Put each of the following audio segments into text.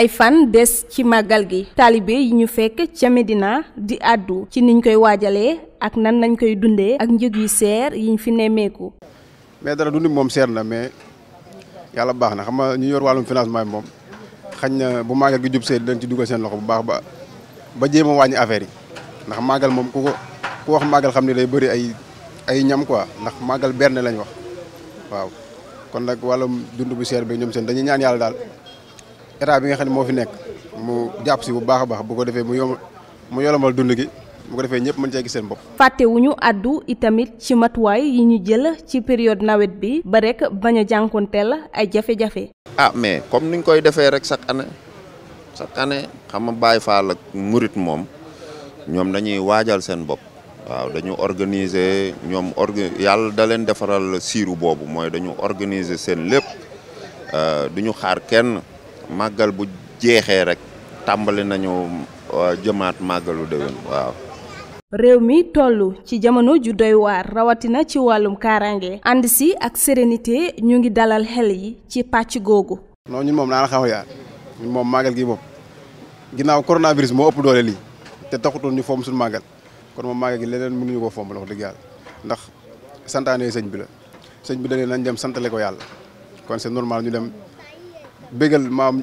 ay fan des ci màggal gi taalibe yi ñu fekk ca Medina di àddu ci niñ koy waajalee ak nan lañ koy dundee ak njëg yi seer yiñ fi nemmeeku. mais dara dundi moom seer na mais yàlla baax na xam nga ñu yor wàllum financement bi moom xañ na bu màggal gi jub see dañ ci dugal seen loxo bu baax ba ba jéem a wàññi affaire yi ndax màggal moom ku ko ku wax màggal xam ni day bari ay ay ñam quoi ndax màggal berne lañu wax. waaw kon nag wala dund bu seer bi ñoom seen dañuy ñaan yàlla daal état bi nga xam ne moo fi nekk mu jàpp si bu baax a baax bu ko defee mu yom mu yolomal dund gi bu ko defee ñëpp mën cee gis seen bopp. fàttewuñu àddu itamit ci matuwaay yi ñu jël ci période nawet bi ba rek bañ a jànkuwanteel ay jafe-jafe. ah mais comme niñ koy defee rek chaque année chaque année xam nga Baye Fall Murit moom ñoom dañuy waajal seen bopp. waaw dañu organiser ñoom orgi yàlla da leen defaral siiru boobu mooy dañu organiser seen lépp euh, du ñu xaar kenn màggal bu jeexee rek tàmbali nañu euh, jëmaat màggalu déwén waaw. réew mi toll ci jamono ju doy waar rawatina ci wàllum kaaraange ànd si ak sérénité ñu ngi dalal xel yi ci pàcc googu. non ñun moom naa la xaw yaa ñun moom màggal gi moom ginnaaw coronavirus moo ëpp doole lii te taxutoon ñu foom suñu màggal. kon moom màggal gi leneen mënuñu koo fombal wax dëgg yàlla ndax santaane sëñ bi la sëñ bi dañu nañ dem santale ko yàlla kon c'est normal ñu dem bégal maam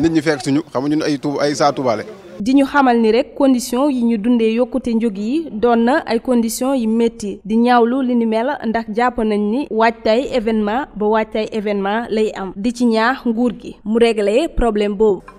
nit ñi fekk suñu xam nga ay tuub ay saa tubaale di ñu xamal ni rek condition yi ñu dundee yokkute njëg yi doon na ay condition yi métti di ñaawlu li ni mel ndax jàpp nañ ni waajtaay événement ba waajtaay événement lay am di ci ñaax nguur gi mu réglé problème boobu